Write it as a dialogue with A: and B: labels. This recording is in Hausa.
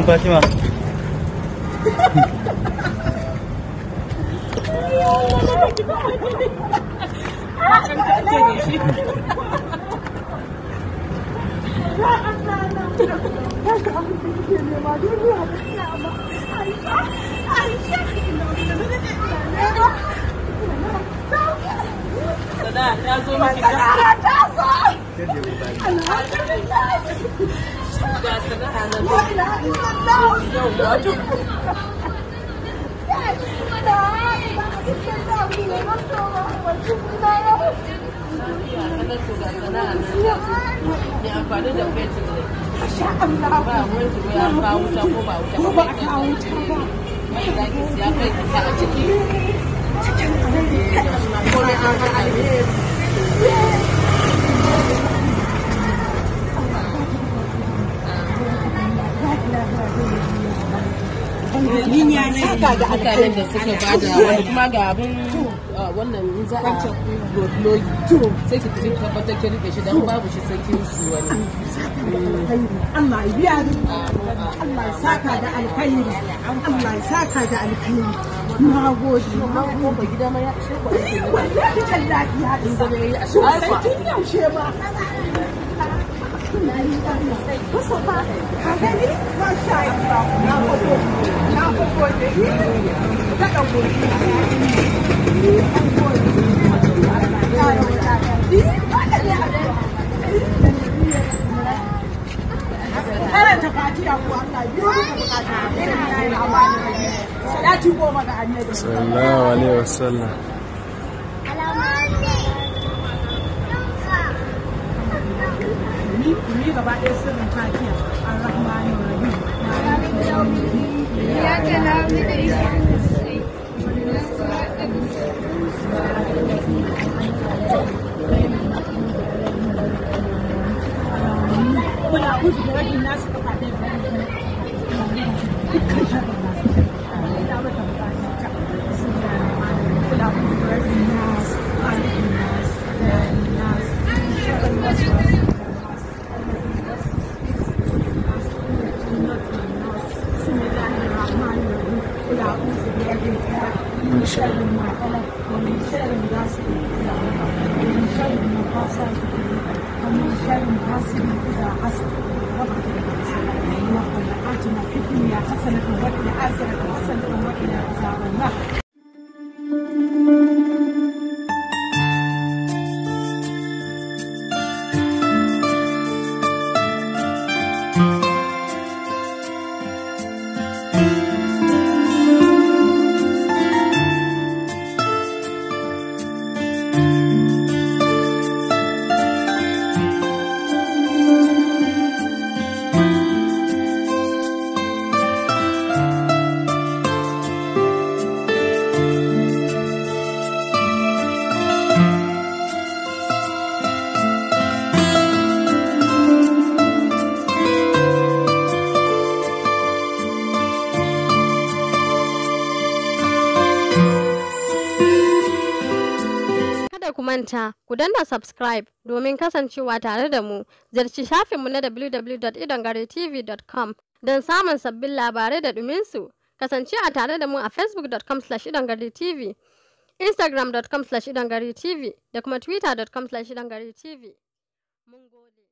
A: 乾杯します。Sudah, a n g s u n g k i t Ya amfani da fetur ne. Masha Allah. Ba wurin ya ba wuta ko ba wuta. Ko ba a kawo wuta ba. Mai zaki siya kai ki sa a ciki. Cikin alheri. Ko ne an alheri. saka da alƙalin da suka bada wanda ga abin ah, wannan za a lodloyi sai ki ya Allah ya saka da alkhairi Allah ya da na gode na gode gida ma ya ce ko ake lafiya in zama yayi a shi sai kin yaushe ba Bu sabah kazanır aşağıya. Na goma ga shi ni gaba ɗaya sirrin tafiya arrahmanu rahim ya ce na da Wala uzu da rajin nasu kafa ɗaya da dukkan shaɗin nasu. ومن شر ما خلق ومن شر غاسق إذا وقب ومن شر النفاثات ومن شر غاسق إذا حسد رب اللهم قد آتنا في الدنيا حسنة وقنا آخرة حسنة وقنا عذاب النار thank you kada ku manta ku danna subscribe domin kasancewa tare da mu ziyarci shafinmu na www.idongaretv.com don samun sabbin labarai da ɗuminsu kasance a tare da mu a facebook.com tv instagram.com tv da kuma twitter.com idangaretv gode